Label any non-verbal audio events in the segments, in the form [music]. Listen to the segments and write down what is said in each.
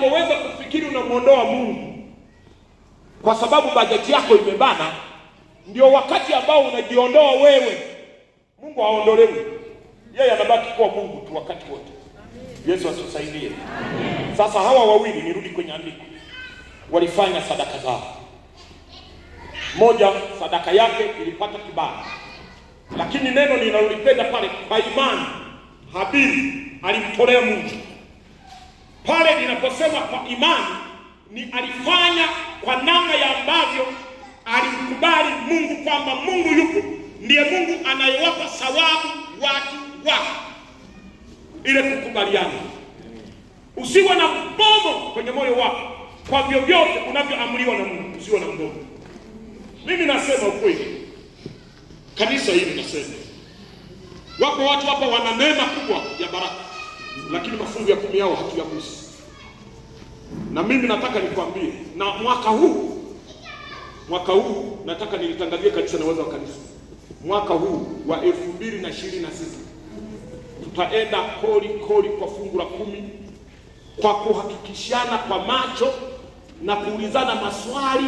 unapoweza kufikiri unamwondoa Mungu kwa sababu bajeti yako imebana, ndio wakati ambao unajiondoa wewe. Mungu aondolewe yeye anabaki kuwa Mungu tu wakati wote. Yesu atusaidie. Sasa hawa wawili, nirudi kwenye andiko, walifanya sadaka zao. Moja sadaka yake ilipata kibali, lakini neno ninalolipenda pale, kwa imani Habili alimtolea Mungu pale ninaposema kwa imani ni alifanya kwa namna ya ambavyo alimkubali Mungu kwamba Mungu yupo, ndiye Mungu anayewapa sawabu watu wake. Ile kukubaliana, usiwe na mgomo kwenye moyo wako kwa vyovyote unavyoamriwa na Mungu, usiwe na mgomo. Mimi nasema ukweli, kanisa hili nasema, wako watu hapa wana neema kubwa ya baraka lakini mafungu ya kumi yao hatuyagusi. Na mimi nataka nikwambie, na mwaka huu mwaka huu nataka nilitangazie kanisa na wazo wa kanisa, mwaka huu wa elfu mbili na ishirini na sita tutaenda koli koli kwa fungu la kumi kwa kuhakikishana kwa macho na kuulizana maswali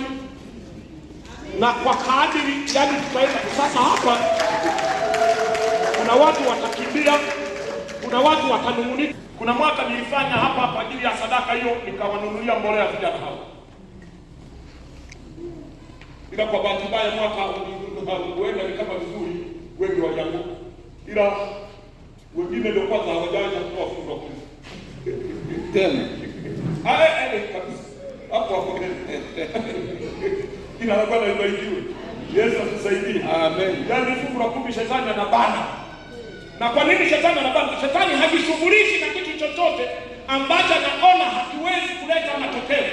na kwa kadiri, yani tutaenda sasa. Hapa kuna watu watakimbia kuna watu watanung'unika. Kuna mwaka nilifanya hapa hapa ajili ya sadaka hiyo, nikawanunulia mbolea vijana hao, ila kwa bahati mbaya mwaka huenda ni kama vizuri, wengi walianguka, ila wengine ndio kwanza hawajaanza kutoa fungu ah, eh, eh, eh, kabisa ila Bwana ibarikiwe. Yesu atusaidie, amen. Yaani fungu la kumi shetani anabana na kwa nini shetani anabana? Shetani hajishughulishi na kitu chochote ambacho anaona hakiwezi kuleta matokeo.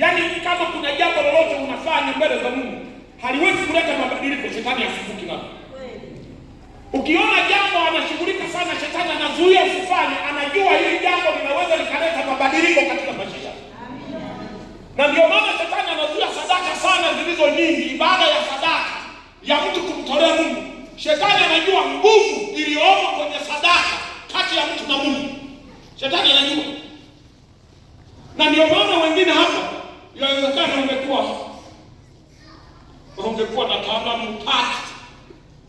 Yaani, kama kuna jambo lolote unafanya mbele za Mungu haliwezi kuleta mabadiliko, shetani asifuki nalo. Ukiona jambo anashughulika sana, shetani anazuia usifanye, anajua hili jambo linaweza likaleta mabadiliko katika maisha yako, na ndio maana shetani anazuia sadaka sana zilizo nyingi, ibada ya sadaka ya mtu kumtolea Mungu. Shetani anajua nguvu kati ya mtu na Mungu. Shetani anajua, na ndio maana wengine hapa yawezekana ungekuwa ungekuwa na kama tatu,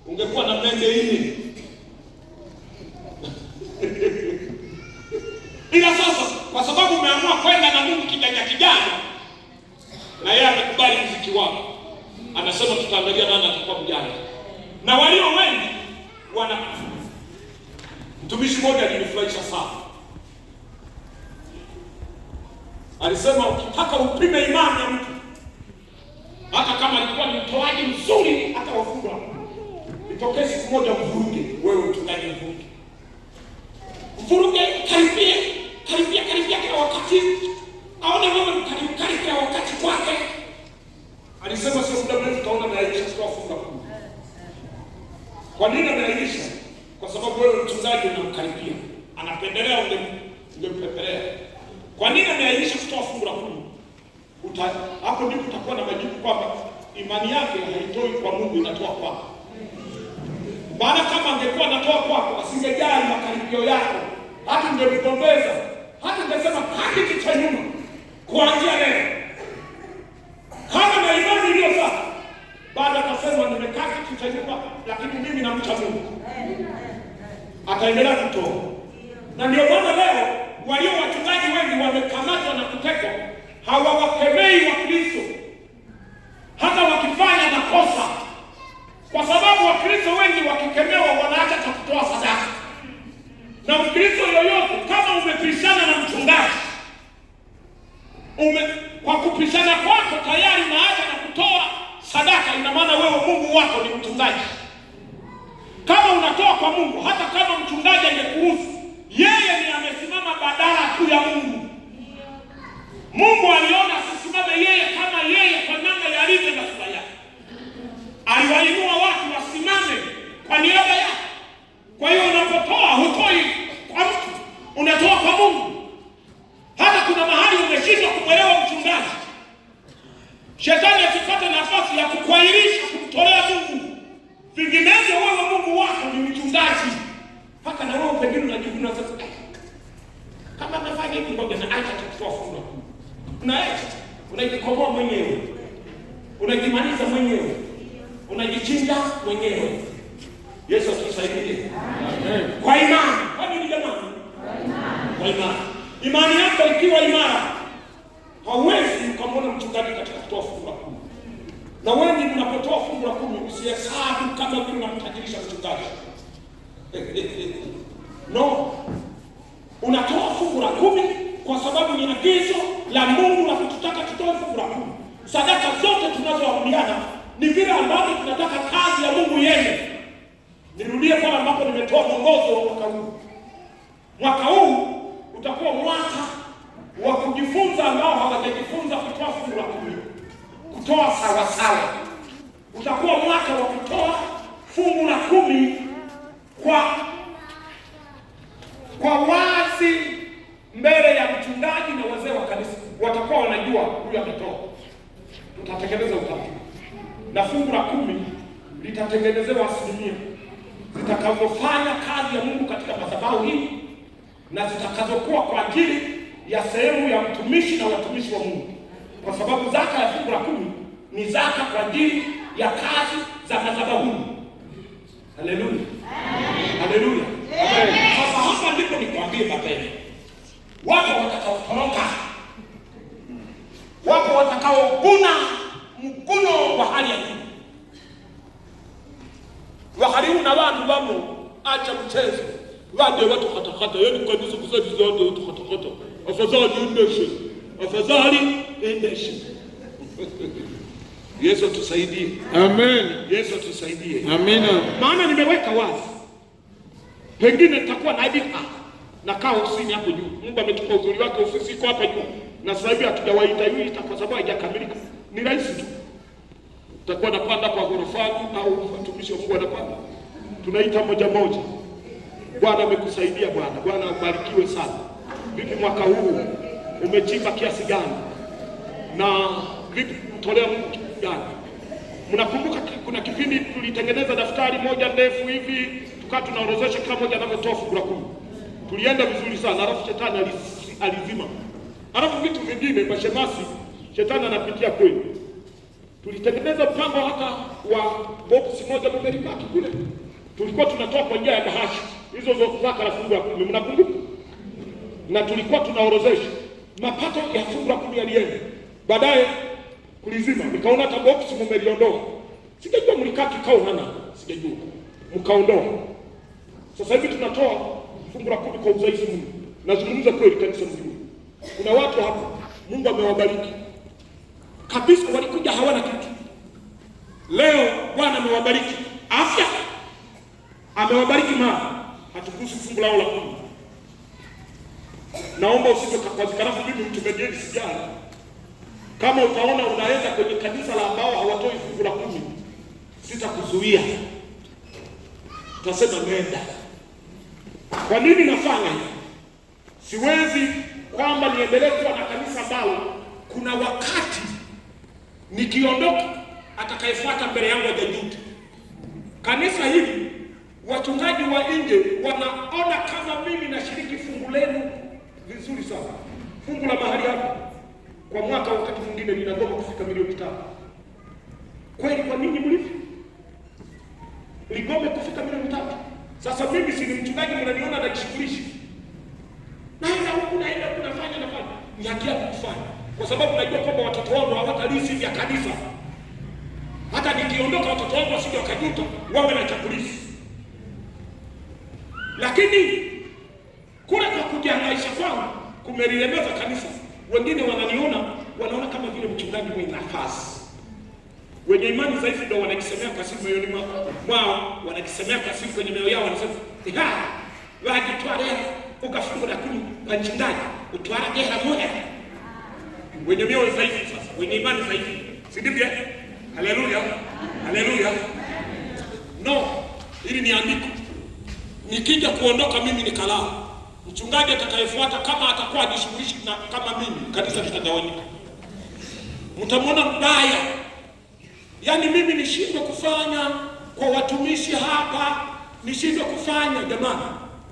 ungekuwa na mende nne, [laughs] ila sasa kwa sababu umeamua kwenda na Mungu kijanja kijanja, na yeye amekubali mziki wako, anasema tutaangalia nani atakuwa mjanja, na walio wengi wana Mtumishi mmoja alinifurahisha sana, alisema ukitaka upime imani ya mtu, hata kama alikuwa ni mtoaji mzuri, hata wafungwa, itokee siku moja mvuruge wewe ambayo mtunzaji unamkaribia anapendelea ungempepelea. Kwa nini ameainisha kutoa fungu la kumi? Hapo ndipo utakuwa na majibu kwamba imani yake haitoi kwa Mungu, inatoa kwako. Maana kama angekuwa anatoa kwako, asingejali makaribio yako, hata ungemgombeza wanaendelea kutoa Na ndio maana leo walio wachungaji wengi wamekamatwa na kutekwa, hawawakemei Wakristo hata wakifanya makosa, kwa sababu Wakristo wengi wakikemewa wanaacha cha kutoa sadaka. Na Mkristo yoyote kama umepishana na mchungaji ume, kwa kupishana kwako tayari unaacha na kutoa sadaka, ina maana wewe Mungu wako ni mchungaji. Kama unatoa kwa Mungu, hata kama mchungaji angekuruhusu, yeye ni amesimama badala tu ya Mungu. Mungu aliona asisimame yeye kama yeye, kwa namna yalivyo na sura yake, aliwainua watu wasimame kwa niaba yake. hiki kwa kesa acha kuchukua fungu kuu. Unaacha, unajikomoa mwenyewe. Unajimaliza mwenyewe. Unajichinja mwenyewe. Yesu atusaidie. Kwa imani, kwa nini jamani? Kwa imani. Imani yako ikiwa imara, hauwezi ukamwona mchungaji katika kutoa fungu la kumi. Na wengi mnapotoa fungu la kumi usihesabu kama vile unamtajirisha mchungaji. [laughs] No. Unatoa ni agizo la Mungu la kututaka tutoe fungu la kumi. Sadaka zote tunazoamuliana ni vile ambavyo tunataka kazi ya Mungu yeye. Nirudie pale ambapo nimetoa mwongozo mwaka huu. Mwaka huu utakuwa mwaka wa kujifunza ambao hawajajifunza kutoa fungu la kumi, kutoa sawasawa. Utakuwa mwaka wa kutoa fungu la kumi kwa anajua huyu ametoa, tutatengeneza utatu na fungu la kumi litatengenezewa asilimia zitakazofanya kazi ya Mungu katika madhabahu hii na zitakazokuwa kwa ajili ya sehemu ya mtumishi na watumishi wa Mungu, kwa sababu zaka ya fungu la kumi ni zaka kwa ajili ya kazi za madhabahu. Haleluya, haleluya! Sasa hapa ndipo nikwambie mapema, watu watakaotoroka watakaoguna mguno wa hali ya juu. wahalimu na bantu bamo acha mchezo bade batukatakata yeni kanisa kusaji zade tukatakata afadhali endeshe afadhali endeshe [laughs] Yesu atusaidie. Amen. Yesu atusaidie. Amina. Maana nimeweka wazi, pengine nitakuwa na nakaa ofisini hapo juu. Mungu ametupa uzuri wake, ofisi iko hapa juu na sasa hivi hatujawaita kwa sababu haijakamilika, ni rahisi tu, utakuwa napanda kwa ghorofani au watumishi wa Mungu anapanda, tunaita moja moja. Bwana amekusaidia bwana, Bwana abarikiwe sana. Vipi mwaka huu umechimba kiasi gani na vipi tolea Mungu gani? Mnakumbuka kuna kipindi tulitengeneza daftari moja ndefu hivi tukawa tunaorozesha kila moja anavyotoa fungu la kumi. Tulienda vizuri sana, alafu shetani alizima Alafu vitu vingine, mashemasi, shetani anapitia kweli. Tulitengeneza mpango hata wa box moja Beberikaki kule, tulikuwa tunatoa kwa njia ya bahasha hizo zaka la fungu la kumi, mnakumbuka? Na tulikuwa tunaorozesha mapato ya fungu la kumi yalienda, baadaye kulizima, nikaona hata box mmeliondoa. Sijajua mlikaa kikao nana, sijajua mkaondoa. Sasa hivi tunatoa fungu la kumi kwa uzaizi mno, nazungumza kweli, kanisa mzima kuna watu hapa Mungu amewabariki kabisa, walikuja hawana kitu. Leo Bwana amewabariki afya, amewabariki mama. hatukusi fungu lao la kumi. Naomba usije kakwazikanafu mimi mchungaji sijana, kama utaona unaweza kwenye kanisa la ambao hawatoi fungu la kumi, sitakuzuia utasema nenda. Kwa nini nafanya hivi? siwezi kwamba niendelee kuwa na kanisa ambalo kuna wakati nikiondoka atakayefuata mbele yangu hajajuta. Kanisa hili wachungaji wa nje wanaona kama mimi nashiriki fungu lenu vizuri sana. Fungu la mahali hapa kwa mwaka wakati mwingine linagoma kufika milioni tano. Kweli kwa nini mlivyo ligome kufika milioni tatu. Sasa mimi si ni mchungaji, mnaniona najishughulishi Naweza huku naenda huku nafanya nafanya, nyakia kufanya, kwa sababu najua kwamba watoto wangu hawatalisi vya kanisa. Hata nikiondoka watoto wangu wasije wakajuta, wawe na chakulisi. Lakini kule kwa kujihangaisha kwangu kumelielemeza kanisa. Wengine wananiona wanaona kama vile mchungaji mwenye nafasi, wenye imani dhaifu ndio wanakisemea kwa simu moyoni mwao, wanakisemea kwa simu kwenye mioyo yao, wanasema ha, wajitwalea ukafungwa lakini kachungaji utwara jela moja. Wenye mioyo zaidi sasa, wenye imani zaidi. Si ndivyo? Eh? Haleluya. Haleluya. No, hili ni Nikija kuondoka mimi nikalaa. Mchungaji atakayefuata kama atakuwa ajishughulishi na kama mimi, kanisa litagawanyika. Mtamwona mbaya. Yaani mimi nishindwe kufanya kwa watumishi hapa, nishindwe kufanya jamani.